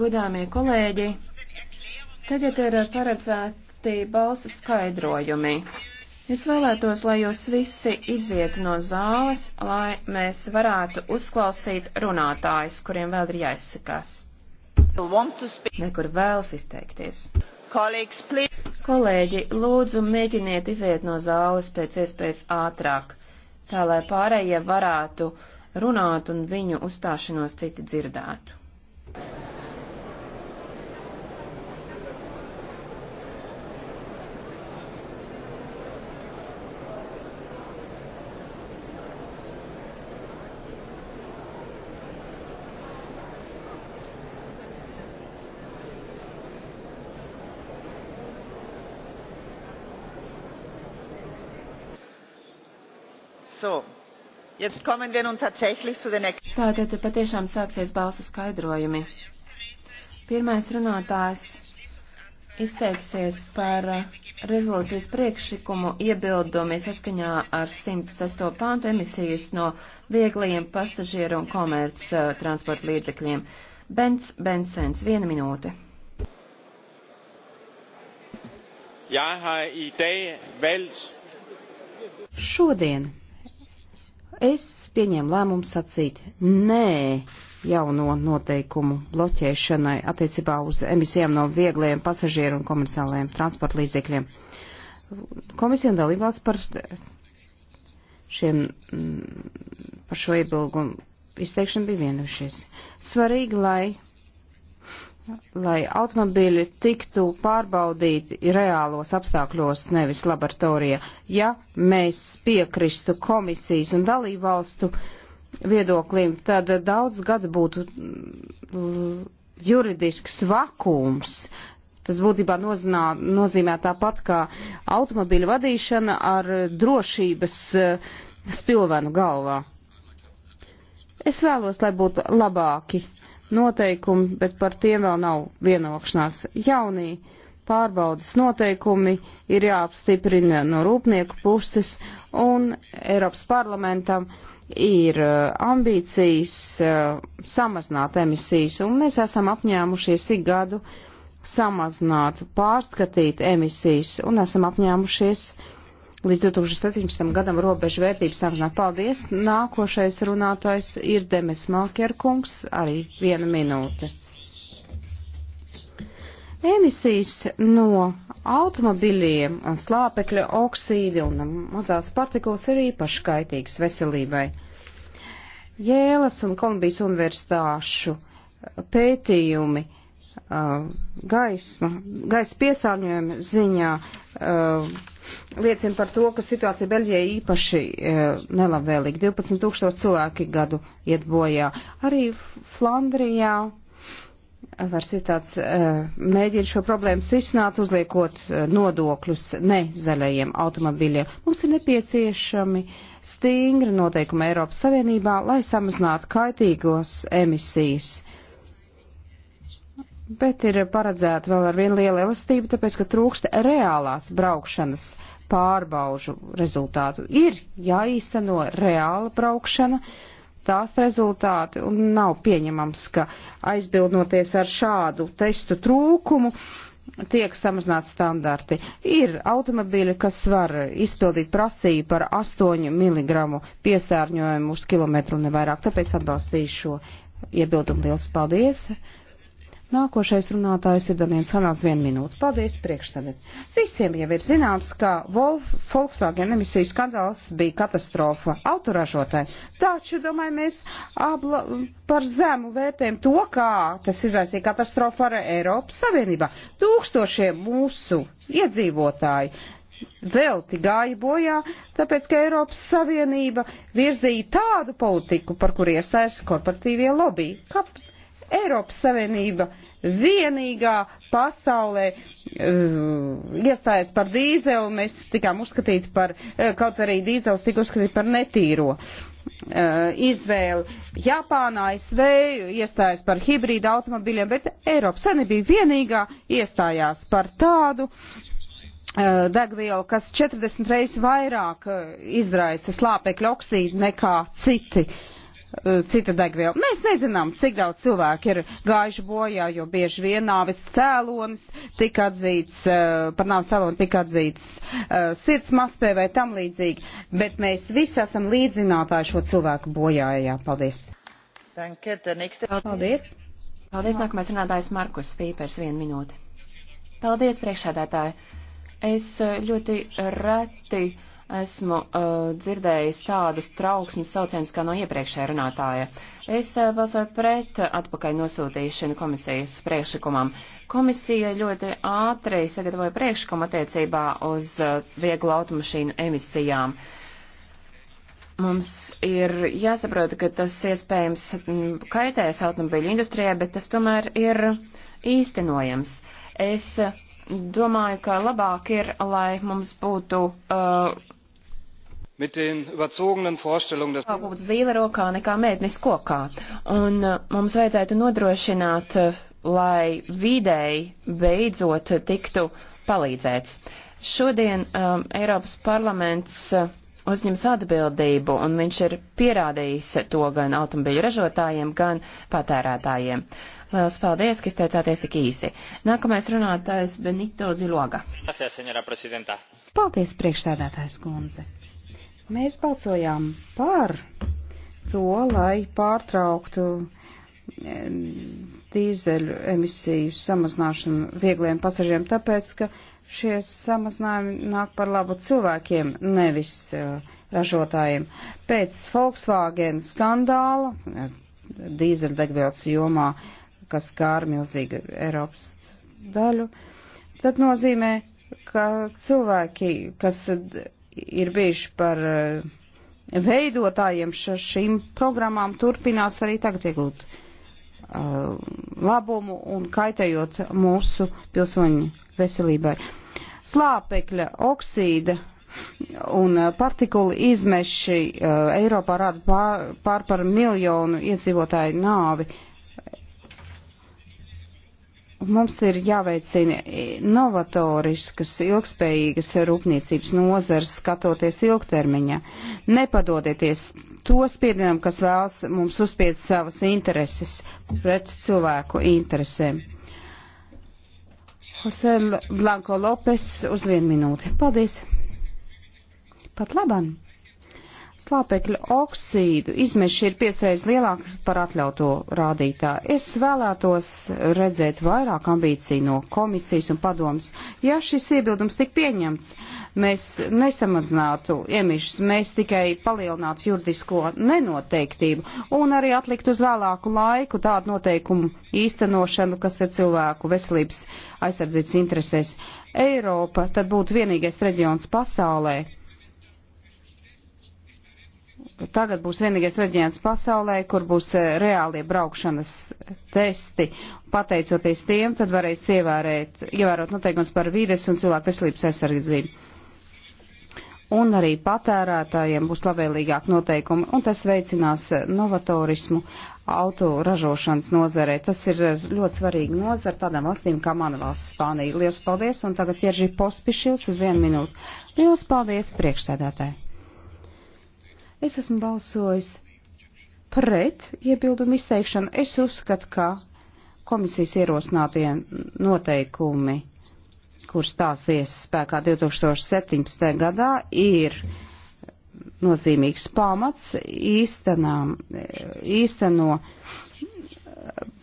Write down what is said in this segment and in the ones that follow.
Godāmie kolēģi, tagad ir paredzēti balsu skaidrojumi. Es vēlētos, lai jūs visi iziet no zāles, lai mēs varētu uzklausīt runātājus, kuriem vēl ir jāizsakās. Nekur vēlas izteikties. Kolēģi, lūdzu, mēģiniet iziet no zāles pēc iespējas ātrāk, tā lai pārējie varētu uh, runāt un viņu uzstāšanos citi dzirdētu. Tātad patiešām sāksies balsu skaidrojumi. Pirmais runātājs izteiksies par uh, rezolūcijas priekšlikumu iebildumi saskaņā ar 106. pāntu emisijas no vieglajiem pasažieru un komerc uh, transporta līdzekļiem. Bens Bensens, viena minūte. Jeg har i dag valgt. Šodien es pieņēmu lēmumu sacīt nē jauno noteikumu bloķēšanai attiecībā uz emisijām no viegliem pasažieru un komerciālajiem transporta līdzekļiem. Komisija un dalībvalsts par šiem, mm, par šo iebilgumu izteikšanu bija vienušies. Svarīgi, lai lai automobīļi tiktu pārbaudīti reālos apstākļos, nevis laboratorijā. Ja mēs piekristu komisijas un dalību valstu viedoklim, tad daudz gadu būtu mm, juridisks vakums. Tas būtībā nozinā, nozīmē tāpat kā automobīļu vadīšana ar drošības mm, spilvenu galvā. Es vēlos, lai būtu labāki noteikumi, bet par tiem vēl nav vienokšanās. Jaunī pārbaudas noteikumi ir jāapstiprina no rūpnieku puses, un Eiropas parlamentam ir uh, ambīcijas uh, samazināt emisijas, un mēs esam apņēmušies ik gadu samazināt, pārskatīt emisijas, un esam apņēmušies līdz 2017. gadam robežu vērtību samazināt. Paldies! Nākošais runātājs ir Demes Mākjerkungs, arī viena minūte. Emisijas no automobiļiem un slāpekļa oksīdi un mazās partikulas ir īpaši kaitīgas veselībai. Jēlas un Kolumbijas universitāšu pētījumi uh, gaisma, gaisa piesārņojuma ziņā uh, liecina par to, ka situācija Beļģijai īpaši e, nelabvēlīga. 12 tūkstoši cilvēki gadu iet bojā. Arī Flandrijā vairs ir tāds e, mēģina šo problēmu risināt, uzliekot e, nodokļus ne zaļajiem automobiļiem. Mums ir nepieciešami stingri noteikumi Eiropas Savienībā, lai samazinātu kaitīgos emisijas bet ir paredzēta vēl ar vienu lielu elastību, tāpēc, ka trūkst reālās braukšanas pārbaužu rezultātu. Ir jāīsteno reāla braukšana, tās rezultāti, un nav pieņemams, ka aizbildnoties ar šādu testu trūkumu, tiek samazināt standarti. Ir automobīļi, kas var izpildīt prasību par 8 mg piesārņojumu uz kilometru un nevairāk, tāpēc atbalstīšu šo iebildumu. Liels paldies! Nākošais runātājs ir Daniels Hanāls vienu minūtu. Paldies priekšsēdē. Visiem jau ir zināms, ka Volf, Volkswagen emisiju skandāls bija katastrofa autoražotājiem. Taču, domāju, mēs abla, par zemu vērtējam to, kā tas izraisīja katastrofu ar Eiropas Savienībā. Tūkstošiem mūsu iedzīvotāji velti gāja bojā, tāpēc, ka Eiropas Savienība virzīja tādu politiku, par kur iestājas korporatīvie lobby. Kāp, Eiropas Savienība vienīgā pasaulē uh, iestājas par dīzeli, mēs tikām uzskatīti par, uh, kaut arī dīzels tika uzskatīti par netīro. Uh, izvēli. Japāna, ASV iestājas par hibrīda automobiļiem, bet Eiropas Savienība vienīgā iestājās par tādu degvielu, kas 40 reizes vairāk izraisa slāpekļa oksīdu nekā citi uh, Eh, cita degviela. Mēs nezinām, cik daudz cilvēku ir gājuši bojā, jo bieži vien nāves cēlonis tika atzīts, eh, par nāves cēloni tika atzīts eh, sirds maspē vai tam līdzīgi, bet mēs visi esam līdzinātāji šo cilvēku bojājā. Paldies! Paldies! Paldies, nākamais runātājs Markus Pīpers, viena minūte. Paldies, priekšādātāji! Es ļoti reti esmu uh, dzirdējis tādus trauksmes saucienus kā no iepriekšējā runātāja. Es uh, balsoju pret atpakaļ nosūtīšanu komisijas priekšlikumam. Komisija ļoti ātri sagatavoja priekšlikumu attiecībā uz uh, vieglu automašīnu emisijām. Mums ir jāsaprot, ka tas iespējams mm, kaitēs automobīļu industrijai, bet tas tomēr ir īstenojams. Es domāju, ka labāk ir, lai mums būtu uh, mit den überzogenen Vorstellungen des Kaut zīle rokā nekā mēdnis kokā. Un uh, mums vajadzētu nodrošināt, uh, lai vidēji beidzot tiktu palīdzēts. Šodien um, Eiropas parlaments uh, uzņems atbildību, un viņš ir pierādījis to gan automobiļu ražotājiem, gan patērētājiem. Lielas paldies, ka izteicāties tik īsi. Nākamais runātājs Benito Ziloga. Paldies, priekšstādātājs kundze. Mēs balsojām par to, lai pārtrauktu e, dīzeļu emisiju samazināšanu viegliem pasažieriem, tāpēc, ka šie samazinājumi nāk par labu cilvēkiem, nevis uh, ražotājiem. Pēc Volkswagen skandāla e, dīzeļdegvielas jomā, kas skāra milzīgu Eiropas daļu, tad nozīmē, ka cilvēki, kas ir bijuši par eh, veidotājiem šīm programmām, turpinās arī tagad iegūt eh, labumu un kaitējot mūsu pilsoņu veselībai. Slāpekļa oksīda un eh, partikulu izmeši Eiropā rada pār, pār par miljonu iedzīvotāju nāvi. Uh, Mums ir jāveicina novatoriskas, ilgspējīgas rūpniecības nozars, skatoties ilgtermiņā. Nepadodieties to spiedienam, kas vēlas mums uzspied savas intereses pret cilvēku interesēm. Jose Blanko Lopes uz vienu minūti. Paldies! Pat labam! slāpekļa oksīdu izmeši ir piesreiz lielāks par atļauto rādītāju. Es vēlētos redzēt vairāk ambīciju no komisijas un padomas. Ja šis iebildums tik pieņemts, mēs nesamazinātu iemišus, mēs tikai palielinātu juridisko nenoteiktību un arī atlikt uz vēlāku laiku tādu noteikumu īstenošanu, kas ir cilvēku veselības aizsardzības interesēs. Eiropa tad būtu vienīgais reģions pasaulē, tagad būs vienīgais reģions pasaulē, kur būs eh, reālie braukšanas testi. Pateicoties tiem, tad varēs ievērēt, ievērot noteikums par vīdes un cilvēku veselības aizsardzību. Un arī patērētājiem būs labvēlīgāk noteikumi, un tas veicinās eh, novatorismu autoražošanas nozarē. Tas ir eh, ļoti svarīgi nozara tādām valstīm kā mana valsts Spānija. Lielas paldies, un tagad Jeržī Pospišils uz vienu minūtu. Lielas paldies priekšsēdētāji! Es esmu balsojis pret iebildumu izteikšanu. Es uzskatu, ka komisijas ierosinātie noteikumi, kur stāsies spēkā 2017. gadā, ir nozīmīgs pamats īstenām, īsteno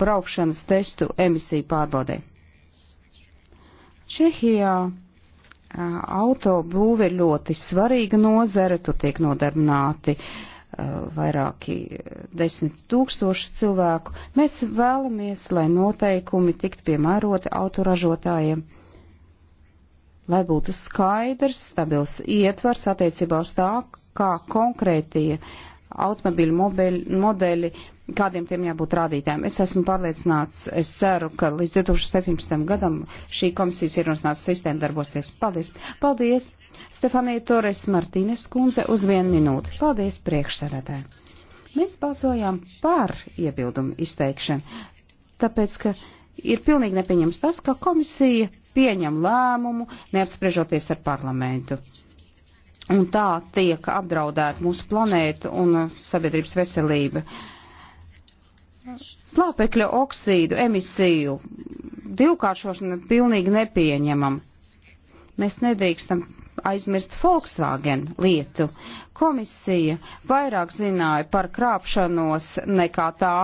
braukšanas testu emisiju pārbaudē. Čehijā Auto būve ir ļoti svarīga nozare, tur tiek nodarbināti vairāki desmit tūkstoši cilvēku. Mēs vēlamies, lai noteikumi tikt piemēroti autoražotājiem, lai būtu skaidrs, stabils ietvars attiecībā uz tā, kā konkrētie automobiļu modeļi kādiem tiem jābūt rādītājiem. Es esmu pārliecināts, es ceru, ka līdz 2017. gadam šī komisijas ierunātās sistēma darbosies. Paldies! Paldies! Stefanija Torres Martīnes kundze uz vienu minūti. Paldies priekšsēdētāji! Mēs balsojām par iebildumu izteikšanu, tāpēc, ka ir pilnīgi nepieņems tas, ka komisija pieņem lēmumu, neapspriežoties ar parlamentu. Un tā tiek apdraudēta mūsu planēta un sabiedrības veselība. Uh, slāpekļa oksīdu emisiju divkāršošana pilnīgi nepieņemama. Mēs nedrīkstam aizmirst Volkswagen lietu. Komisija vairāk zināja par krāpšanos nekā tā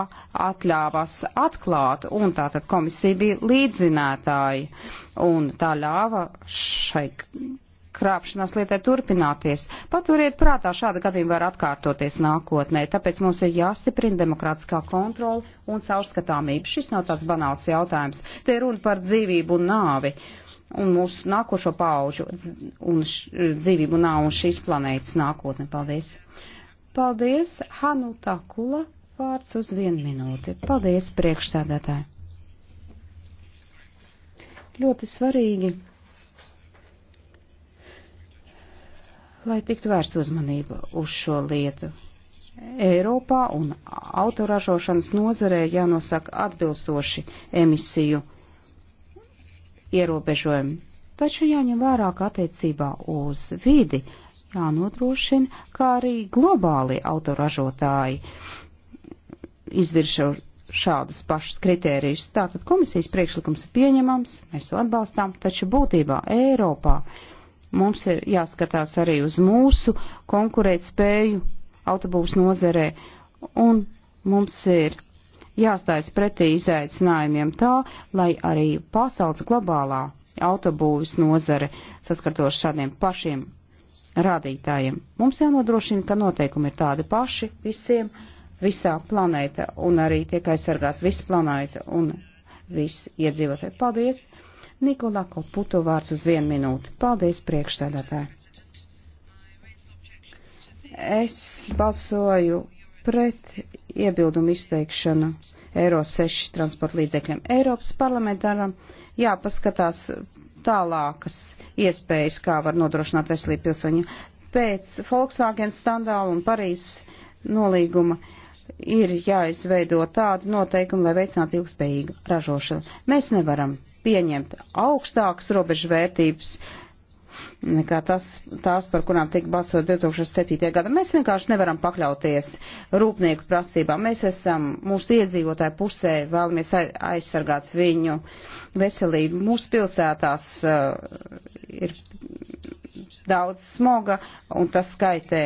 atļāvās atklāt, un tātad komisija bija līdzinātāji, un tā ļāva šai krāpšanās lietai turpināties. Paturiet prātā, šāda gadījuma var atkārtoties nākotnē, tāpēc mums ir jāstiprina demokrātiskā kontrola un caurskatāmība. Šis nav tāds banāls jautājums. Te runa par dzīvību un nāvi un mūsu nākošo pauģu un dzīvību nav un šīs planētas nākotne. Paldies! Paldies, Hanu Takula, vārds uz vienu minūti. Paldies, priekšsēdētāji! Ļoti svarīgi lai tiktu vērst uzmanība uz šo lietu. Eiropā un autoražošanas nozarē jānosaka atbilstoši emisiju ierobežojumi. Taču jāņem vērā, ka attiecībā uz vidi jānodrošina, kā arī globāli autoražotāji izvirša šādus pašus kritērijus. Tātad komisijas priekšlikums ir pieņemams, mēs to atbalstām, taču būtībā Eiropā Mums ir jāskatās arī uz mūsu konkurētspēju autobūvs nozerē, un mums ir jāstājas pretī izaicinājumiem tā, lai arī pasaules globālā autobūvis nozare saskartos šādiem pašiem rādītājiem. Mums jānodrošina, ka noteikumi ir tādi paši visiem, visā planēta, un arī tiek aizsargāt visa planēta un visi iedzīvotāji. Paldies! Nikolā Koputo vārds uz vienu minūti. Paldies priekšstādātāji. Es balsoju pret iebildumu izteikšanu Eiro 6 transporta līdzekļiem. Eiropas parlamentāram jāpaskatās tālākas iespējas, kā var nodrošināt veselību pilsoņu. Pēc Volkswagen skandāla un Parīzes nolīguma ir jāizveido tādi noteikumi, lai veicinātu ilgspējīgu ražošanu. Mēs nevaram pieņemt augstākas robežvērtības nekā tas, tās, par kurām tika balsot 2007. gada. Mēs vienkārši nevaram pakļauties rūpnieku prasībām. Mēs esam mūsu iedzīvotāju pusē, vēlamies aizsargāt viņu veselību. Mūsu pilsētās uh, ir daudz smoga un tas skaitē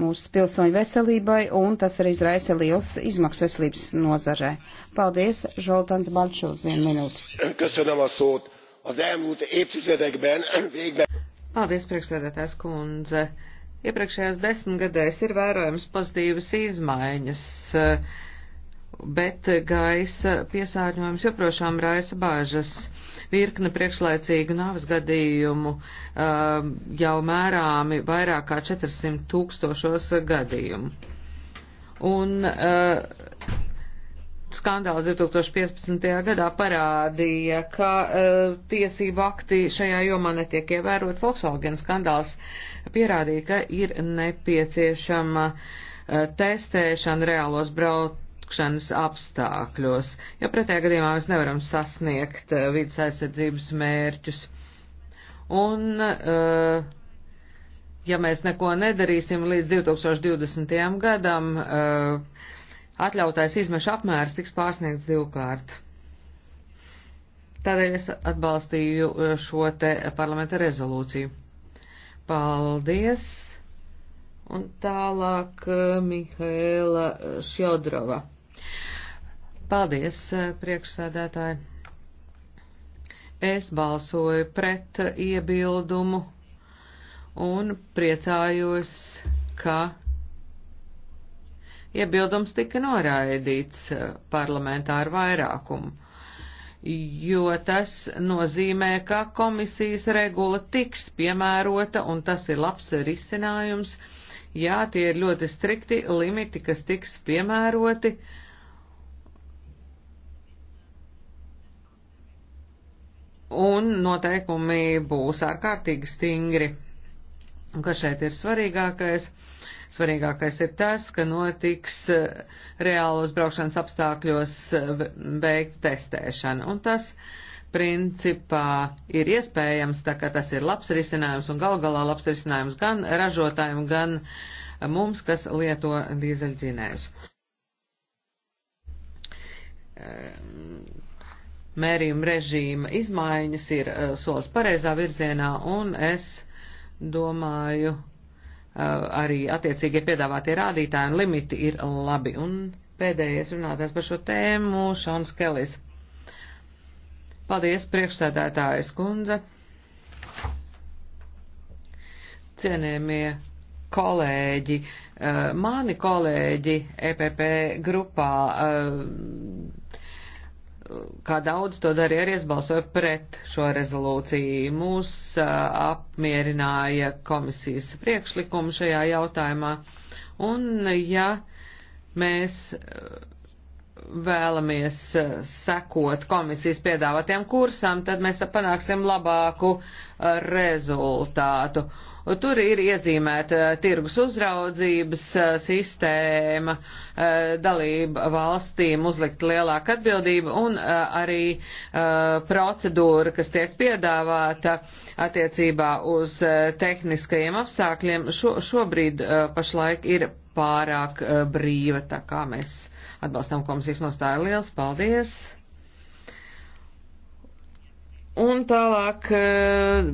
mūsu pilsoņu veselībai, un tas arī izraisa liels izmaksas veselības nozarē. Paldies, Zsoltans Balčūs, vienu minūti. Köszönöm a szót. Az elmúlt évtizedekben végben. Paldies, priekšsēdētājs kundze. Iepriekšējās desmitgadēs ir vērojams pozitīvas izmaiņas, bet gaisa piesārņojums joprojām raisa bāžas virkne priekšlaicīgu nāves gadījumu um, jau mērāmi vairāk kā 400 tūkstošos gadījumu. Un uh, skandāls 2015. gadā parādīja, ka uh, tiesību akti šajā jomā netiek ievērot. Volkswagen skandāls pierādīja, ka ir nepieciešama uh, testēšana reālos brauc braukšanas apstākļos, jo pretējā gadījumā mēs nevaram sasniegt eh, vidas aizsardzības mērķus. Un, eh, ja mēs neko nedarīsim līdz 2020. gadam, eh, atļautais izmeša apmērs tiks pārsniegts divkārt. Tādēļ es atbalstīju šo te parlamenta rezolūciju. Paldies! un tālāk Mihaela Šjodrova. Paldies, eh, priekšsēdētāji. Es balsoju pret iebildumu un priecājos, ka iebildums tika noraidīts eh, parlamentāru vairākumu, jo tas nozīmē, ka komisijas regula tiks piemērota un tas ir labs risinājums. Jā, tie ir ļoti strikti limiti, kas tiks piemēroti. Uh, un noteikumi būs ārkārtīgi stingri. Un kas šeit ir svarīgākais? Svarīgākais ir tas, ka notiks eh, reālos braukšanas apstākļos eh, veikt testēšana. Un tas principā ir iespējams, tā kā tas ir labs risinājums un gal galā labs risinājums gan ražotājiem, gan mums, kas lieto dīzeļdzinējus ehm, mērījuma režīma izmaiņas ir uh, solis pareizā virzienā, un es domāju, uh, arī attiecīgie piedāvātie rādītāji un limiti ir labi. Un pēdējais runātājs par šo tēmu - Šons Kelis. Paldies, priekšsēdētājas kundze. Cienējamie kolēģi, uh, mani kolēģi EPP grupā kā daudz to darīja arī es balsoju pret šo rezolūciju. Mūs apmierināja komisijas priekšlikumu šajā jautājumā, un ja mēs vēlamies sekot komisijas piedāvātiem kursam, tad mēs panāksim labāku uh, rezultātu. Tur ir iezīmēta tirgus uzraudzības eh, sistēma, eh, dalība valstīm uzlikt lielāku atbildību un eh, arī procedūra, kas tiek piedāvāta attiecībā uz tehniskajiem apstākļiem, šo, šobrīd pašlaik ir pārāk brīva, tā kā mēs atbalstam komisijas nostāju. Liels paldies! Un tālāk eh,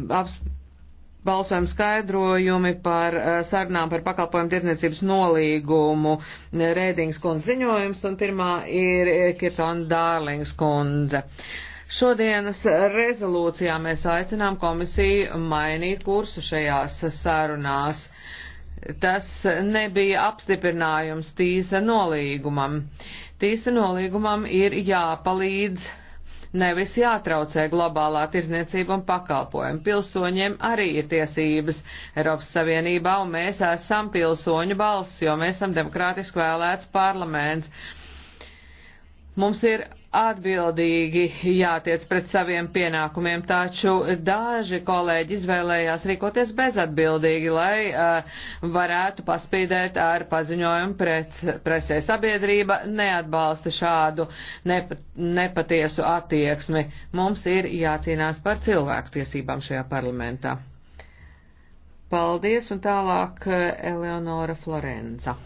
balsojam skaidrojumi par eh, sarunām par pakalpojumu tirdzniecības nolīgumu Rēdings kundze ziņojums, un pirmā ir Kirtona Dārlings kundze. Šodienas rezolūcijā mēs aicinām komisiju mainīt kursu šajās sarunās. Tas nebija apstiprinājums tīsa nolīgumam. Tīsa nolīgumam ir jāpalīdz uh, nevis jātraucē globālā tirzniecība un pakalpojumi. Pilsoņiem arī ir tiesības Eiropas Savienībā, un mēs esam pilsoņu balss, jo mēs esam demokrātiski vēlēts parlaments. Mums ir atbildīgi jātiec pret saviem pienākumiem, taču daži kolēģi izvēlējās rīkoties bezatbildīgi, lai uh, varētu paspīdēt ar paziņojumu pret presē. Sabiedrība neatbalsta šādu nep nepatiesu attieksmi. Mums ir jācīnās par cilvēku tiesībām šajā parlamentā. Paldies un tālāk eh, Eleonora Florenza.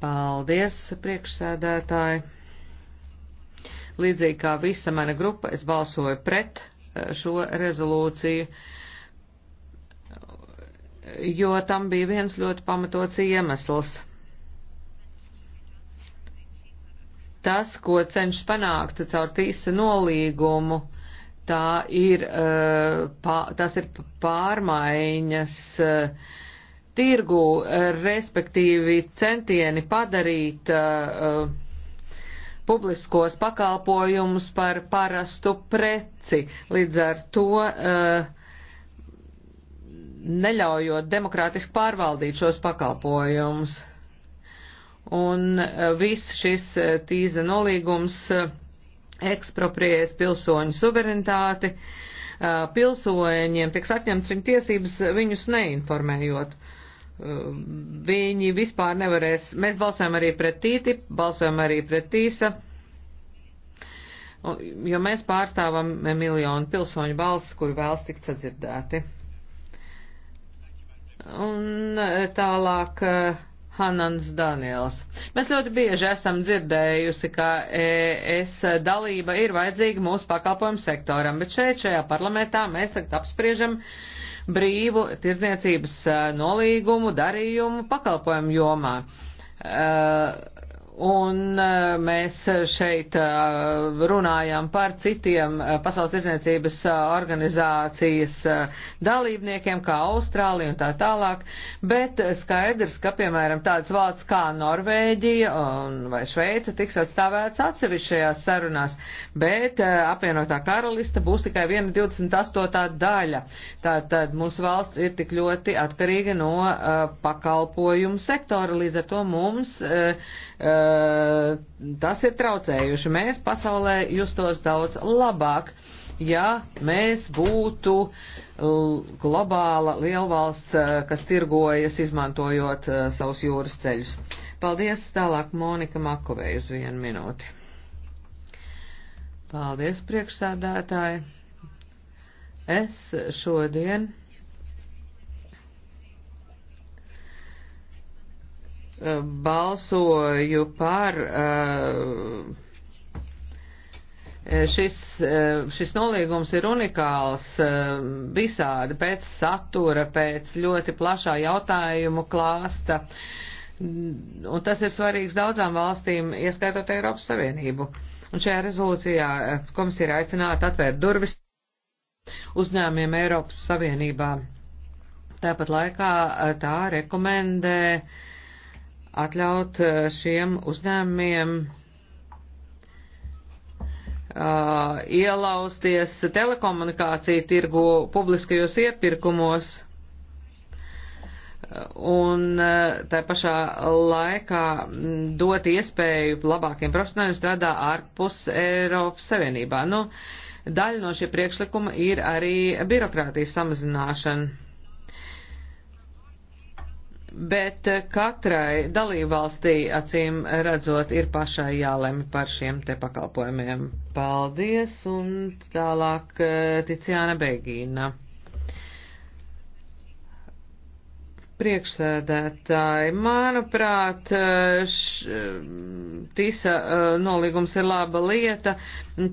Paldies, priekšsēdētāji. Līdzīgi kā visa mana grupa, es balsoju pret eh, šo rezolūciju, jo tam bija viens ļoti pamatots iemesls. Tas, ko cenšas panākt caur tīsa nolīgumu, tā ir, eh, tas ir pārmaiņas eh, tirgu, eh, respektīvi centieni padarīt uh, publiskos pakalpojumus par parastu preci. Līdz ar to uh, neļaujot demokrātiski pārvaldīt šos pakalpojumus. Un viss šis tīza nolīgums ekspropriēs pilsoņu suverenitāti, pilsoņiem tiks atņemts viņa tiesības viņus neinformējot. Uh, viņi vispār nevarēs, mēs balsojam arī pret TTIP, balsojam arī pret TISA, jo mēs pārstāvam miljonu pilsoņu balsis, kuri vēlas tikt sadzirdēti. Un e, tālāk e, Hanans Daniels. Mēs ļoti bieži esam dzirdējusi, ka e, es dalība ir vajadzīga mūsu pakalpojumu sektoram, bet šeit, šajā parlamentā, mēs tagad apspriežam uh, brīvu tirzniecības nolīgumu darījumu pakalpojumu jomā. Uh, Un e, mēs šeit e, runājam par citiem e, Pasaules tirdzniecības organizācijas dalībniekiem, kā Austrālija un tā tālāk, bet skaidrs, ka, piemēram, tāds valsts kā Norvēģija vai Šveica tiks atstāvēts atsevišķajās sarunās, bet apvienotā karalista būs tikai viena 28. daļa. Tātad mūsu valsts ir tik ļoti atkarīga no pakalpojumu sektora, līdz ar to mums. Uh, Eh, tas ir traucējuši. Mēs pasaulē justos daudz labāk, ja mēs būtu globāla lielvalsts, eh, kas tirgojas izmantojot eh, savus jūras ceļus. Paldies, tālāk Monika Makovēja uz vienu minūti. Paldies, priekšsādātāji. Es šodien balsoju par eh, šis, eh, šis nolīgums ir unikāls eh, visādi pēc satura, pēc ļoti plašā jautājumu klāsta, un tas ir svarīgs daudzām valstīm, ieskaitot Eiropas Savienību. Un šajā rezolūcijā komisija ir aicināta atvērt durvis uzņēmiem Eiropas Savienībā. Tāpat laikā tā rekomendē uh, atļaut eh, šiem uzņēmumiem uh, ielausties telekomunikāciju tirgu publiskajos iepirkumos un eh, tā pašā laikā mm, dot iespēju labākiem profesionāļiem strādā ārpus Eiropas Savienībā. Nu, daļa no šie priekšlikuma ir arī birokrātijas samazināšana bet eh, katrai dalībvalstī, acīm redzot, ir pašai jālemj par šiem te pakalpojumiem. Paldies, un tālāk eh, Ticiāna Begīna. Priekšsēdētāji, manuprāt, š, tisa nolīgums ir laba lieta.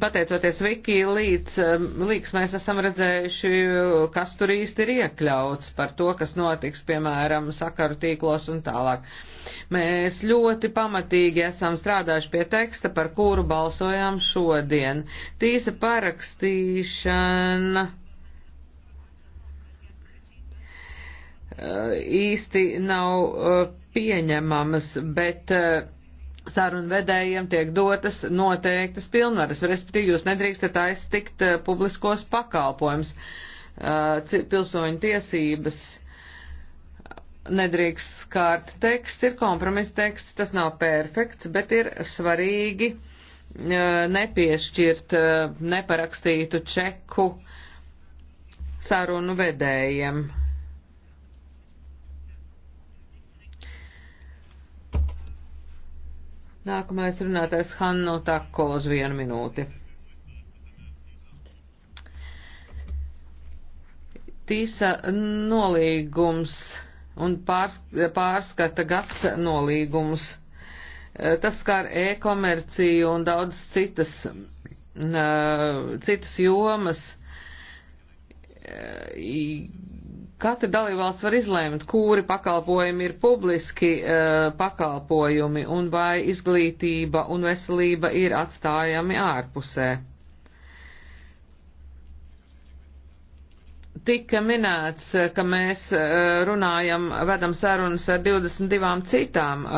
Pateicoties Viki līdz, līdz mēs esam redzējuši, kas tur īsti ir iekļauts par to, kas notiks, piemēram, sakaru tīklos un tālāk. Mēs ļoti pamatīgi esam strādājuši pie teksta, par kuru balsojām šodien. Tīsa parakstīšana Eh, īsti nav eh, pieņemamas, bet eh, sarunvedējiem tiek dotas noteiktas pilnvaras, respektīvi jūs nedrīkstat aiztikt publiskos pakalpojums, pilsoņu tiesības nedrīkst skārt teksts, ir kompromiss teksts, tas nav perfekts, bet ir svarīgi nepiešķirt neparakstītu čeku sarunu vedējiem. Nākamais runātais Hanno Takko uz vienu minūti. Tīsa nolīgums un pārs, pārskata gads nolīgums. Eh, tas skar e-komerciju un daudz citas, eh, citas jomas eh, Katra dalībvalsts var izlēmt, kuri pakalpojumi ir publiski uh, pakalpojumi un vai izglītība un veselība ir atstājami ārpusē. Tika minēts, ka mēs uh, runājam, vedam sarunas ar 22 citām uh,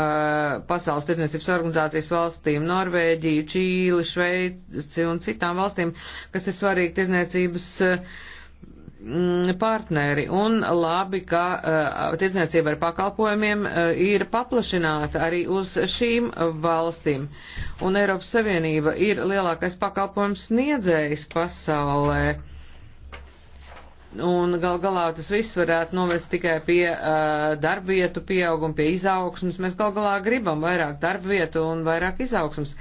pasaules tirdzniecības organizācijas valstīm - Norvēģiju, Čīli, Šveici un citām valstīm, kas ir svarīgi tirdzniecības uh, Mm, partneri un labi, ka uh, tirdzniecība ar pakalpojumiem uh, ir paplašināta arī uz šīm valstīm. Un Eiropas Savienība ir lielākais pakalpojums sniedzējs pasaulē. Un gal galā tas viss varētu novest tikai pie uh, darbvietu pieauguma, pie izaugsmas. Mēs gal galā gribam vairāk darbvietu un vairāk izaugsmas.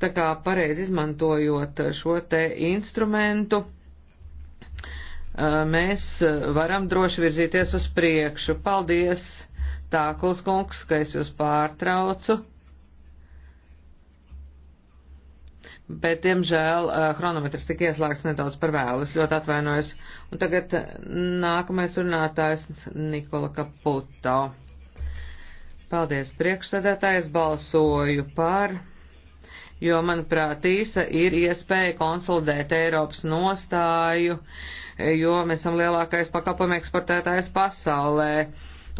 Tā kā pareizi izmantojot šo te instrumentu mēs varam droši virzīties uz priekšu. Paldies, Tākuls kungs, ka es jūs pārtraucu. Bet, diemžēl, chronometrs tika ieslēgts nedaudz par vēlu. Es ļoti atvainojos. Un tagad nākamais runātājs Nikola Kaputo. Paldies, priekšsēdētājs, balsoju par jo, manuprāt, īsa ir iespēja konsolidēt Eiropas nostāju uh, jo mēs esam lielākais pakalpojumu eksportētājs pasaulē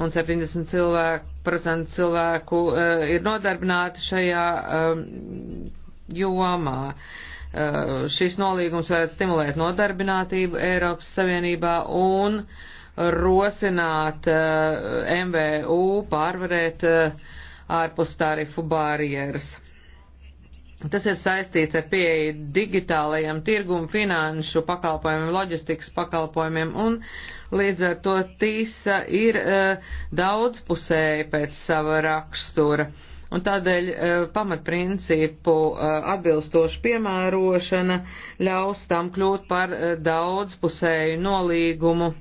un 70% cilvēku, cilvēku uh, ir nodarbināti šajā um, jomā. Uh, šis nolīgums varētu stimulēt nodarbinātību Eiropas Savienībā un rosināt uh, eh, MVU pārvarēt uh, ārpus tarifu barjeras. Tas ir saistīts ar pieeju digitālajiem tirgumu, finanšu pakalpojumiem, loģistikas pakalpojumiem, un līdz ar to tīsa ir uh, daudzpusēja pēc sava rakstura. Un tādēļ uh, pamatprincipu uh, atbilstoša piemērošana ļaus tam kļūt par uh, daudzpusēju nolīgumu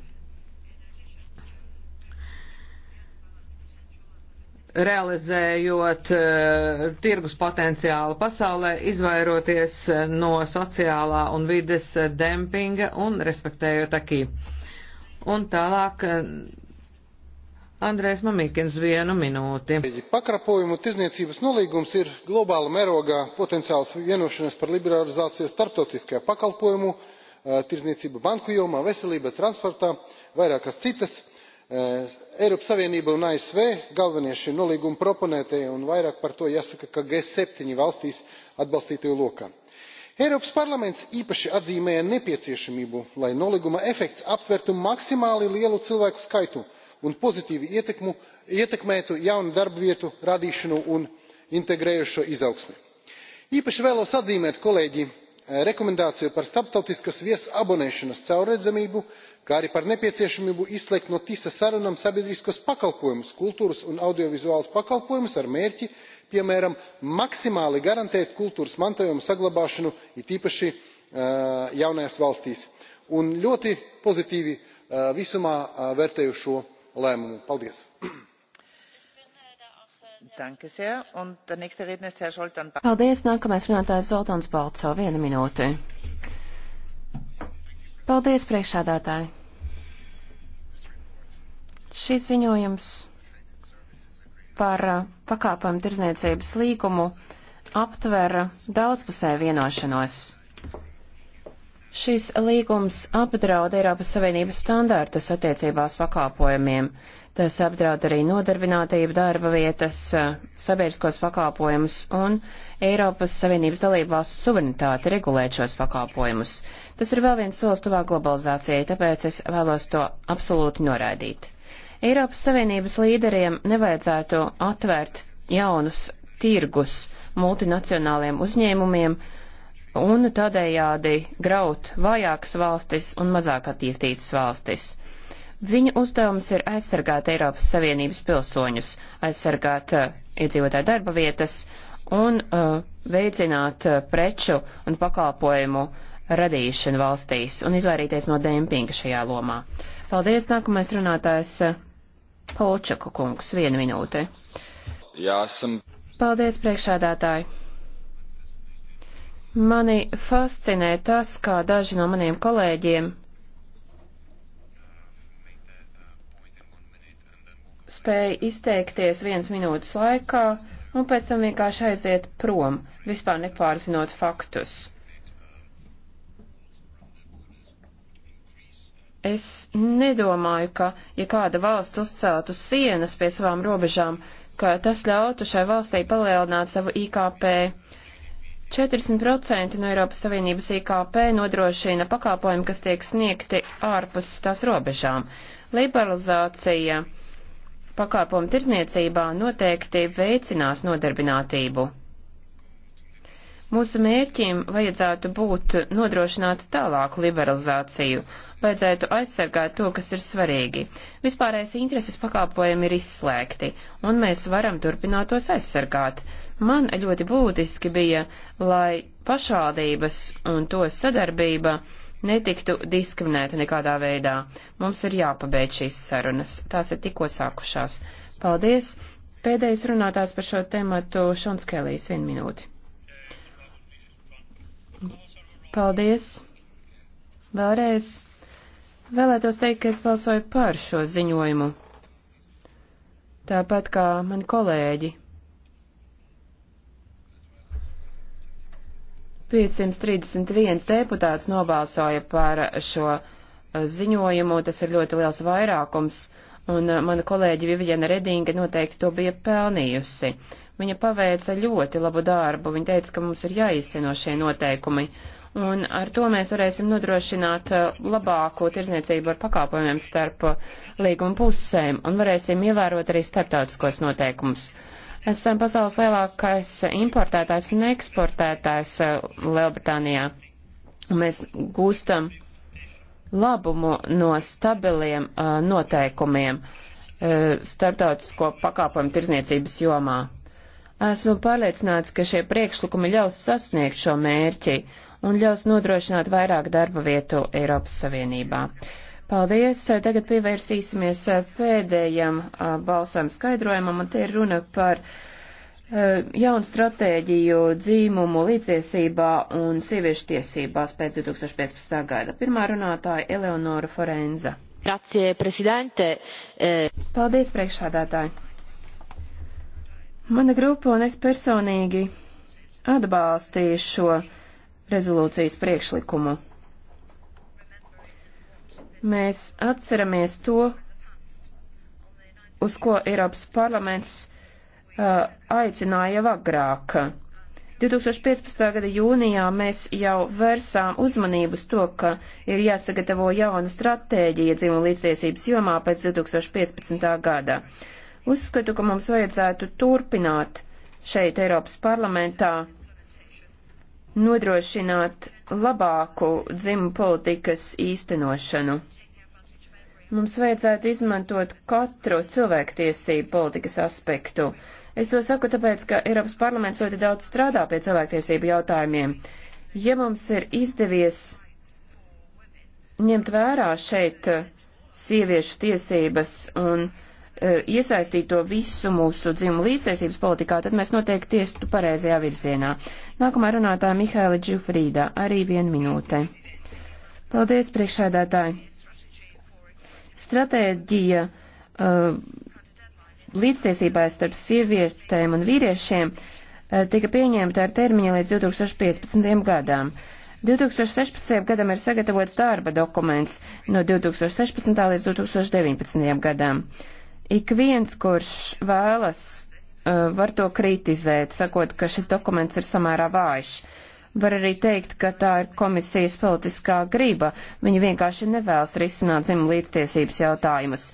realizējot uh, tirgus potenciālu pasaulē, izvairoties eh, no sociālā un vides eh, dempinga un respektējot akī. Un tālāk Andrēs Mamīkins vienu minūti. Pakrapojumu tirzniecības nolīgums ir globāla mērogā potenciāls vienošanās par liberalizāciju starptautiskajā pakalpojumu, tirzniecību banku jomā, veselībā, transportā, vairākas citas Eh, eiropas savienība un asv galvenie šī nolīguma proponētāji un vairāk par to jāsaka ka g septiņi valstīs atbalstīto lokā. eiropas parlaments īpaši atzīmēja nepieciešamību lai nolīguma efekts aptvertu maksimāli lielu cilvēku skaitu un pozitīvi ietekmētu jaunu darba vietu radīšanu un integrējošo izaugsmi. īpaši vēlos atzīmēt kolēģi rekomendāciju par starptautiskas viesabonēšanas caurredzamību kā arī par nepieciešamību izslēgt no tisa sarunām sabiedriskos pakalpojumus kultūras un audiovizuālus pakalpojumus ar mērķi piemēram maksimāli garantēt kultūras mantojuma saglabāšanu it īpaši jaunajās valstīs un ļoti pozitīvi visumā vērtēju šo lēmumu. paldies! Paldies, nākamais runātājs Zoltāns Balco, viena minūte. Paldies, priekšādātāji. Šis ziņojums par uh, pakāpojumu tirzniecības līgumu aptver uh, daudzpusē vienošanos. Šis līgums apdraud Eiropas Savienības standārtus attiecībās pakāpojumiem. Tas apdraud arī nodarbinātību darba vietas, eh, sabiedriskos pakāpojumus un Eiropas Savienības dalībās suverenitāti regulēt šos pakāpojumus. Tas ir vēl viens solis tuvāk globalizācijai, tāpēc es vēlos to absolūti noraidīt. Eiropas Savienības līderiem nevajadzētu atvērt jaunus tirgus multinacionāliem uzņēmumiem, un tādējādi graut vājākas valstis un mazāk attīstītas valstis. Viņa uzdevums ir aizsargāt Eiropas Savienības pilsoņus, aizsargāt uh, iedzīvotāju darba vietas un uh, veicināt uh, preču un pakalpojumu radīšanu valstīs un izvairīties no dempinga šajā lomā. Paldies, nākamais runātājs uh, Polčaku kungs, viena minūte. Jāsam. Paldies, priekšādātāji. Mani fascinē tas, kā daži no maniem kolēģiem spēja izteikties viens minūtes laikā un pēc tam vienkārši aiziet prom, vispār nepārzinot faktus. Es nedomāju, ka, ja kāda valsts uzceltu sienas pie savām robežām, ka tas ļautu šai valstī palielināt savu IKP. 40% no Eiropas Savienības IKP nodrošina pakāpojumi, kas tiek sniegti ārpus tās robežām. Liberalizācija pakāpojumu tirdzniecībā noteikti veicinās nodarbinātību. Mūsu mērķim vajadzētu būt nodrošināt tālāku liberalizāciju, vajadzētu aizsargāt to, kas ir svarīgi. Vispārējais intereses pakāpojumi ir izslēgti, un mēs varam turpināt tos aizsargāt. Man ļoti būtiski bija, lai pašvaldības un to sadarbība netiktu diskriminēta nekādā veidā. Mums ir jāpabeidz šīs sarunas, tās ir tikko sākušās. Paldies! Pēdējais runātājs par šo tematu Šons Kelijs, vienu minūti. Paldies! Vēlreiz vēlētos teikt, ka es balsoju par šo ziņojumu. Tāpat kā mani kolēģi. 531 deputāts nobalsoja par šo eh, ziņojumu, tas ir ļoti liels vairākums, un eh, mana kolēģi Viviana Redinga noteikti to bija pelnījusi. Viņa paveica ļoti labu darbu, viņa teica, ka mums ir jāizteno šie noteikumi, un ar to mēs varēsim nodrošināt uh, labāko tirzniecību ar pakāpojumiem starp uh, līguma pusēm un varēsim ievērot arī starptautiskos noteikumus. Esam pasaules lielākais importētājs un eksportētājs uh, Lielbritānijā. Mēs gūstam labumu no stabiliem uh, noteikumiem uh, starptautisko pakāpojumu tirzniecības jomā. Esmu pārliecināts, ka šie priekšlikumi ļaus sasniegt šo mērķi un ļaus nodrošināt vairāk darba vietu Eiropas Savienībā. Paldies! Tagad pievērsīsimies eh, pēdējam eh, balsojuma skaidrojumam, un te ir runa par eh, jaunu stratēģiju dzīmumu līdziesībā un sieviešu tiesībās pēc 2015. gada. Pirmā runātāja Eleonora Forenza. Grazie, prezidente. Paldies, priekšādātāji. Mana grupa un es personīgi atbalstīju šo rezolūcijas priekšlikumu. Mēs atceramies to, uz ko Eiropas parlaments uh, aicināja jau agrāk. 2015. gada jūnijā mēs jau vērsām uzmanību uz to, ka ir jāsagatavo jauna stratēģija dzimumu līdztiesības jomā pēc 2015. gada. Uzskatu, ka mums vajadzētu turpināt šeit Eiropas parlamentā uh, nodrošināt labāku dzimu politikas īstenošanu. Mums vajadzētu izmantot katru cilvēktiesību politikas aspektu. Es to saku tāpēc, ka Eiropas parlaments ļoti daudz strādā pie cilvēktiesību jautājumiem. Ja mums ir izdevies ņemt vērā šeit sieviešu tiesības un uh, E, iesaistīt to visu mūsu dzimumu līdzsaisības politikā, tad mēs noteikti tiestu pareizajā virzienā. Nākamā runātāja Mihaila Džufrīda, arī viena minūte. Paldies, priekšēdētāji. Stratēģija uh, līdztiesībai starp sievietēm un vīriešiem uh, tika pieņemta ar termiņu līdz 2015. gadām. 2016. gadam ir sagatavots darba dokuments no 2016. līdz 2019. gadam. Ik viens, kurš vēlas, eh, var to kritizēt, sakot, ka šis dokuments ir samērā vājš. Var arī teikt, ka tā ir komisijas politiskā grība. Viņi vienkārši nevēlas risināt dzimumu līdztiesības jautājumus.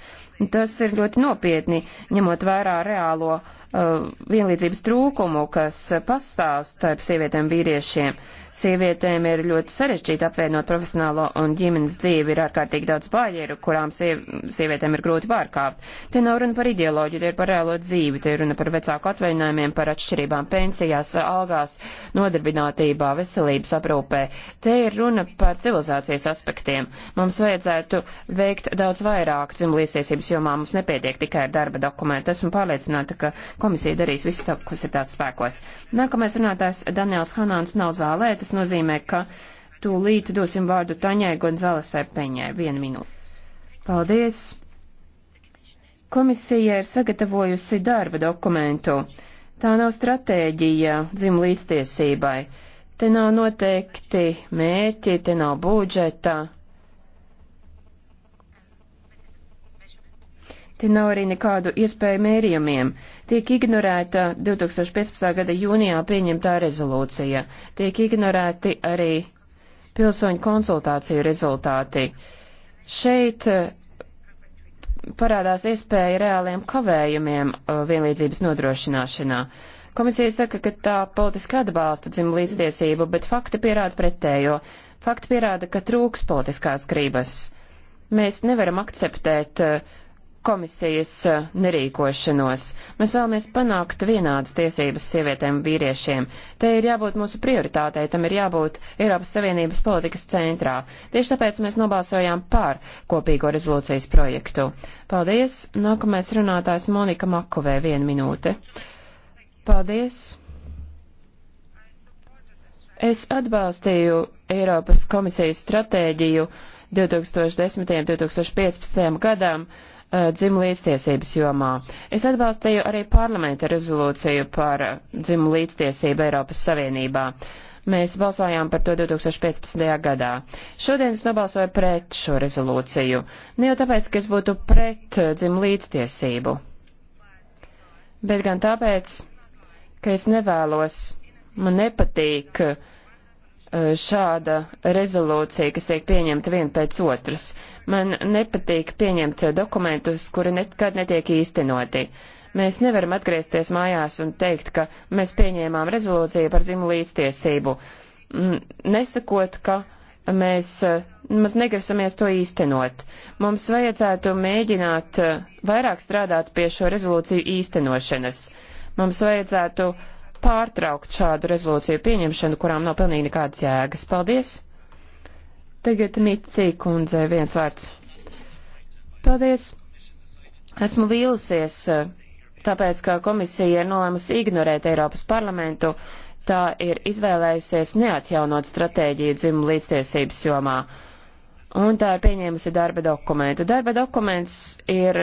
Tas ir ļoti nopietni, ņemot vērā reālo uh, Uh, vienlīdzības trūkumu, kas pastāv starp sievietēm vīriešiem. Sievietēm ir ļoti sarežģīti apvienot profesionālo un ģimenes dzīvi, ir ārkārtīgi daudz bāļieru, kurām siev, sievietēm ir grūti pārkāpt. Te nav runa par ideoloģiju, te ir par reālo dzīvi, te ir runa par vecāku atvaļinājumiem, par atšķirībām pensijās, algās, nodarbinātībā, veselības aprūpē. Te ir runa par civilizācijas aspektiem. Mums vajadzētu veikt daudz vairāk dzimliesiesības jomā, mums nepietiek tikai ar darba dokumentu. Esmu pārliecināta, ka komisija darīs visu to, kas ir tās spēkos. Nākamais runātājs Daniels Hanāns nav zālē, tas nozīmē, ka tūlīt dosim vārdu Taņai Gonzalesai Peņai. Vienu minūti. Paldies! Komisija ir sagatavojusi darba dokumentu. Tā nav stratēģija dzimu līdztiesībai. Te nav noteikti mērķi, te nav budžeta, Te nav arī nekādu iespēju mērījumiem. Tiek ignorēta 2015. gada jūnijā pieņemtā rezolūcija. Tiek ignorēti arī pilsoņu konsultāciju rezultāti. Šeit eh, parādās iespēja reāliem kavējumiem eh, vienlīdzības nodrošināšanā. Komisija saka, ka tā politiski atbalsta dzimumu līdztiesību, bet fakti pierāda pretējo. Fakti pierāda, ka trūks politiskās gribas. Mēs nevaram akceptēt uh, komisijas eh, nerīkošanos. Mēs vēlamies panākt vienādas tiesības sievietēm un vīriešiem. Te ir jābūt mūsu prioritātei, tam ir jābūt Eiropas Savienības politikas centrā. Tieši tāpēc mēs nobalsojām par kopīgo rezolūcijas projektu. Paldies! Nākamais runātājs Monika Makovē, viena minūte. Paldies! Es atbalstīju Eiropas komisijas stratēģiju 2010. un 2015. gadam Uh, dzimu līdztiesības jomā. Es atbalstīju arī parlamenta rezolūciju par dzimu līdztiesību Eiropas Savienībā. Mēs balsojām par to 2015. gadā. Šodien es nobalsoju pret šo rezolūciju, ne jau tāpēc, ka es būtu pret uh, dzimu līdztiesību, bet gan tāpēc, ka es nevēlos, man nepatīk uh, E, šāda rezolūcija, kas tiek pieņemta viena pēc otras. Man nepatīk pieņemt dokumentus, kuri nekad netiek īstenoti. Mēs nevaram atgriezties mājās un teikt, ka mēs pieņēmām rezolūciju par dzimumu līdztiesību, nesakot, ka mēs e, maz negrasamies to īstenot. Mums vajadzētu mēģināt e, vairāk strādāt pie šo rezolūciju īstenošanas. Mums vajadzētu uh, pārtraukt šādu rezolūciju pieņemšanu, kurām nav pilnīgi nekādas jēgas. Paldies! Tagad Nicī kundze viens vārds. Paldies! Esmu vīlusies, eh, tāpēc, ka komisija ir nolēmusi ignorēt Eiropas parlamentu, tā ir izvēlējusies neatjaunot stratēģiju dzimumu līdztiesības jomā. Un tā ir pieņēmusi darba dokumentu. Darba dokuments ir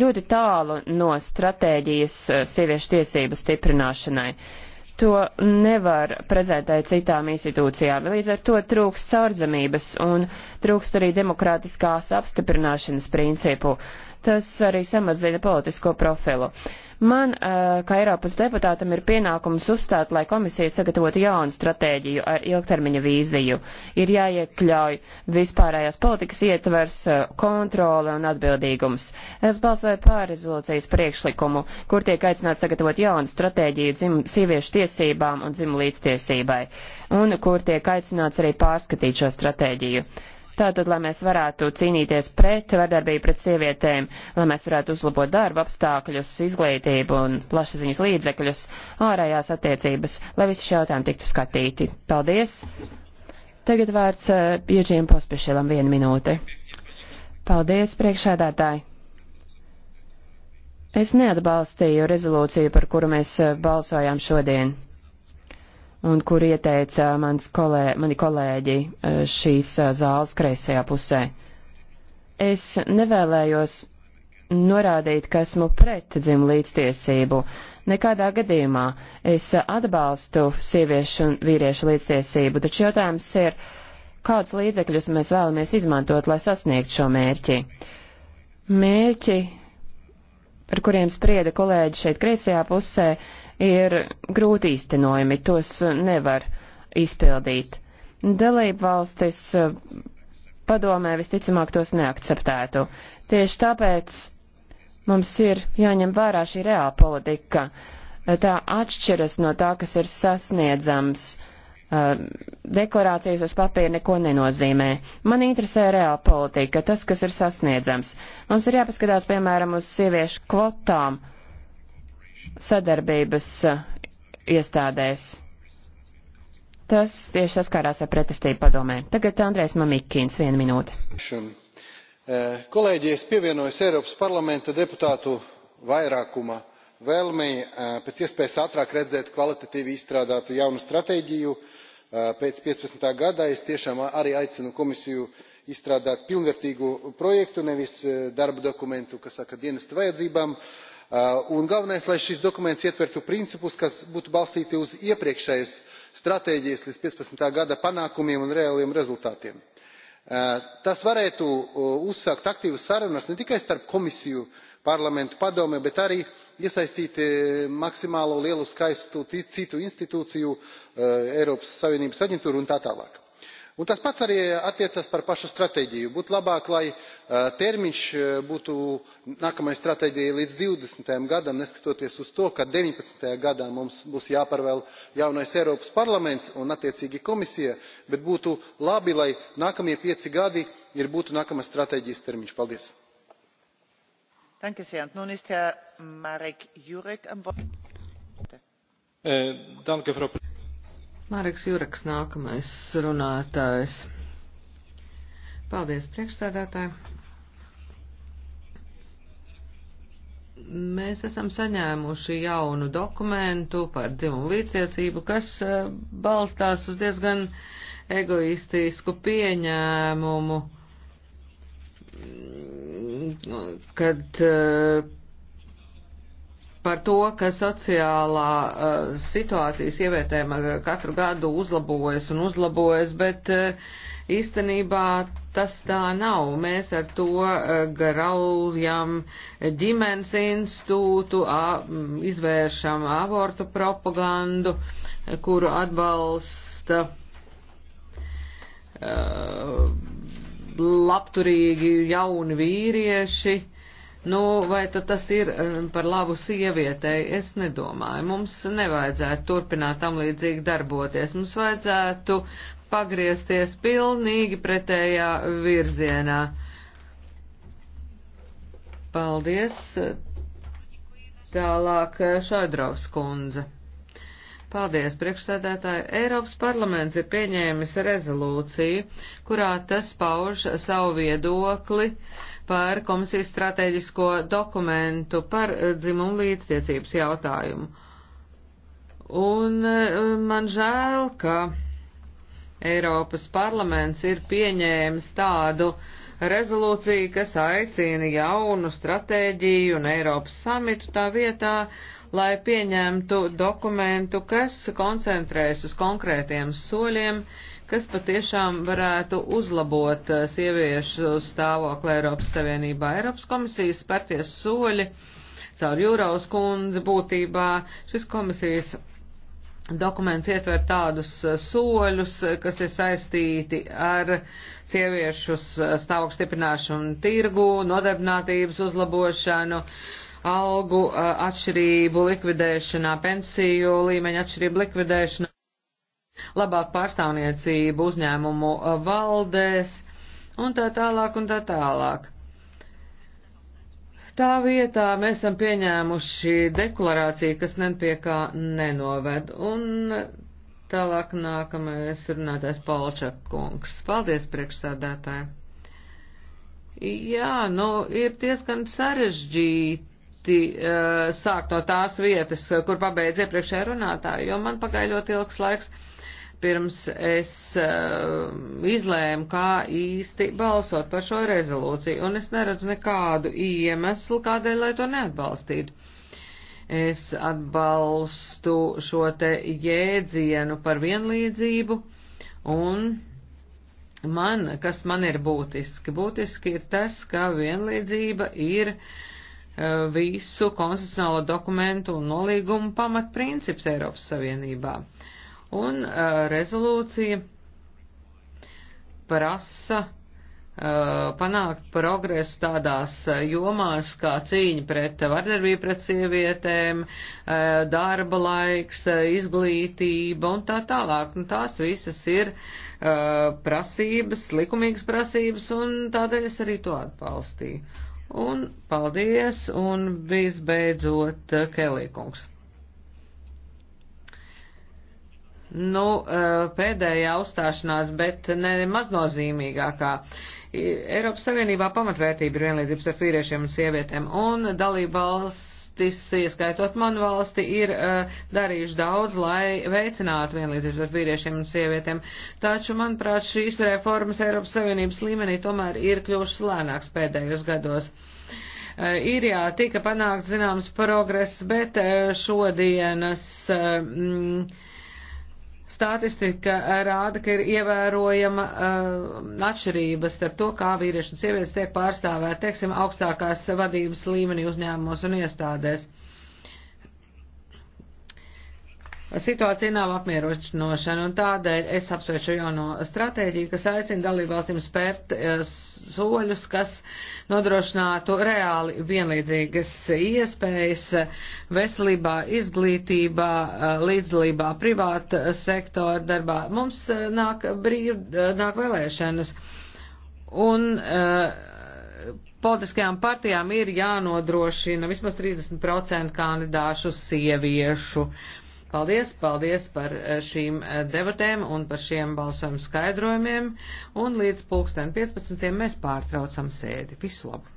ļoti tālu no stratēģijas eh, sieviešu tiesību stiprināšanai. To nevar prezentēt citām institūcijām, līdz ar to trūks caurdzamības un trūks arī demokrātiskās apstiprināšanas principu. Tas arī samazina politisko profilu. Uh, Man, eh, kā Eiropas deputātam, ir pienākums uzstāt, lai komisija sagatavotu jaunu stratēģiju ar ilgtermiņa vīziju. Ir jāiekļauj vispārējās politikas ietvers, eh, kontrole un atbildīgums. Es balsoju pār rezolūcijas priekšlikumu, kur tiek aicināts sagatavot jaunu stratēģiju dzim, sieviešu tiesībām un dzimu līdztiesībai, un kur tiek aicināts arī pārskatīt šo stratēģiju. Tātad, lai mēs varētu cīnīties pret vardarbību pret sievietēm, lai mēs varētu uzlabot darba apstākļus, izglītību un plašsaziņas līdzekļus, ārējās attiecības, lai visi šie jautājumi tiktu skatīti. Paldies! Tagad vārds eh, Iežiem Pospešēlam vienu minūti. Paldies, priekšādātāji! Es neatbalstīju rezolūciju, par kuru mēs eh, balsojām šodien un kur ieteica kolē, mani kolēģi e, šīs e, zāles kreisajā pusē. Es nevēlējos norādīt, ka esmu pret dzimu līdztiesību. Nekādā gadījumā es atbalstu sieviešu un vīriešu līdztiesību, taču jautājums ir, kādus līdzekļus mēs vēlamies izmantot, lai sasniegtu šo mērķi. Mērķi, par kuriem sprieda kolēģi šeit kreisajā pusē, ir grūti īstenojami, tos nevar izpildīt. Dalību valstis eh, padomē visticamāk tos neakceptētu. Tieši tāpēc mums ir jāņem vērā šī reāla politika. Tā atšķiras no tā, kas ir sasniedzams. Eh, deklarācijas uz papīra neko nenozīmē. Man interesē reāla politika, tas, kas ir sasniedzams. Mums ir jāpaskatās, piemēram, uz sieviešu kvotām sadarbības uh, iestādēs. Tas tieši saskārās ar pretestību padomē. Tagad Andrēs Mamikīns, viena minūte. Eh, kolēģi, es pievienojos Eiropas parlamenta deputātu vairākuma vēlmei eh, pēc iespējas ātrāk redzēt kvalitatīvi izstrādātu jaunu stratēģiju eh, pēc 15. gada. Es tiešām arī aicinu komisiju izstrādāt pilnvērtīgu projektu, nevis darba dokumentu, kas saka dienestu vajadzībām. Uh, Uh, un galvenais lai šis dokuments ietvertu principus kas būtu balstīti uz iepriekšējas stratēģijas līdz piecpadsmit gada panākumiem un reāliem rezultātiem. Uh, tas varētu uh, uzsākt aktīvas sarunas ne tikai starp komisiju parlamentu padomi bet arī iesaistīt maksimāli lielu skaitu citu institūciju eiropas savienības aģentūru un tā tālāk un tas pats arī attiecas par pašu stratēģiju būtu labāk lai e, termiņš e, būtu nākamajai stratēģijai līdz divdesmitajam gadam neskatoties uz to ka deviņpadsmitajā gadā mums būs jāpavēl jaunais eiropas parlaments un attiecīgi komisija bet būtu labi lai nākamie pieci gadi būtu nākamās stratēģijas termiņš. paldies! E, frau präsidentin! Mareks Jureks nākamais runātājs. Paldies, priekšsēdētāji. Mēs esam saņēmuši jaunu dokumentu par dzimumu līdztiecību, kas eh, balstās uz diezgan egoistisku pieņēmumu, kad eh, par to, ka sociālā uh, situācijas ievērtējuma eh, katru gadu uzlabojas un uzlabojas, bet uh, īstenībā tas tā nav. Mēs ar to uh, graujam ģimenes institūtu, a, izvēršam abortu propagandu, kuru atbalsta. Uh, labturīgi jauni vīrieši, Nu, vai tad tas ir par labu sievietei? Es nedomāju. Mums nevajadzētu turpināt tam līdzīgi darboties. Mums vajadzētu pagriezties pilnīgi pretējā virzienā. Paldies. Tālāk eh, Šaidrovs kundze. Paldies, priekšsēdētāji. Eiropas parlaments ir pieņēmis rezolūciju, kurā tas pauž savu viedokli par komisijas strateģisko dokumentu par dzimumu līdztiecības jautājumu. Un eh, man žēl, ka Eiropas parlaments ir pieņēmis tādu uh, rezolūcija, kas aicina jaunu stratēģiju un Eiropas samitu tā vietā, lai pieņemtu dokumentu, kas koncentrēs uz konkrētiem soļiem, kas patiešām varētu uzlabot uh, sieviešu stāvokli Eiropas Savienībā. Eiropas komisijas spērties soļi caur Jūraus kundzi būtībā šis komisijas Dokuments ietver tādus eh, soļus, eh, kas ir saistīti ar sieviešu eh, stāvokļu stiprināšanu tirgu, nodarbinātības uzlabošanu, algu atšķirību likvidēšanā, pensiju līmeņa atšķirību likvidēšanā, labāku pārstāvniecību uzņēmumu valdēs un tā tālāk un tā tālāk. Tā vietā mēs esam pieņēmuši deklarāciju, kas ne pie kā nenoved. Un tālāk nākamais runātais Palčakungs. Paldies, priekšsādātāji. Jā, nu, ir diezgan sarežģīti eh, sākt no tās vietas, kur pabeidz iepriekšējā runātāja, jo man pagāja ļoti ilgs laiks pirms es uh, izlēmu, kā īsti balsot par šo rezolūciju, un es neredzu nekādu iemeslu, kādēļ, lai to neatbalstītu. Es atbalstu šo te jēdzienu par vienlīdzību, un man, kas man ir būtiski, būtiski ir tas, ka vienlīdzība ir uh, visu konstitucionālo dokumentu un nolīgumu pamatprincips Eiropas Savienībā. Uh, un uh, rezolūcija prasa uh, panākt progresu tādās uh, jomās kā cīņa pret vardarbību pret sievietēm, uh, darba laiks, uh, izglītība un tā tālāk. Un tās visas ir uh, prasības, likumīgas prasības, un tādēļ es arī to atbalstīju. Un paldies, un visbeidzot, uh, Kelīkungs. nu, eh, pēdējā uzstāšanās, bet ne maz nozīmīgākā. Eiropas Savienībā pamatvērtība ir vienlīdzības ar vīriešiem un sievietēm, un dalībvalstis, ieskaitot manu valsti, ir eh, darījuši daudz, lai veicinātu vienlīdzības ar vīriešiem un sievietēm. Taču, manuprāt, šīs reformas Eiropas Savienības līmenī tomēr ir kļuvušas lēnāks pēdējos gados. Eh, Īrijā tika panākt zināms progress, bet šodienas mm, Statistika rāda, ka ir ievērojama uh, atšķirības starp to, kā vīrieši un sievietes tiek pārstāvēti, teiksim, augstākās vadības līmenī uzņēmumos un iestādēs. Uh, Situācija nav apmierošanošana, un tādēļ es apsveicu jauno stratēģiju, kas aicina dalībvalstīm spērt eh, soļus, kas nodrošinātu reāli vienlīdzīgas iespējas veselībā, izglītībā, eh, līdzdalībā, privāta sektora darbā. Mums eh, nāk brīv, nāk vēlēšanas. Un, uh, Politiskajām partijām ir jānodrošina vismaz 30% kandidāšu sieviešu. Uh, Paldies, paldies par eh, šīm eh, debatēm un par šiem balsojumu skaidrojumiem, un līdz pulksten 15. mēs pārtraucam sēdi. Visu labu!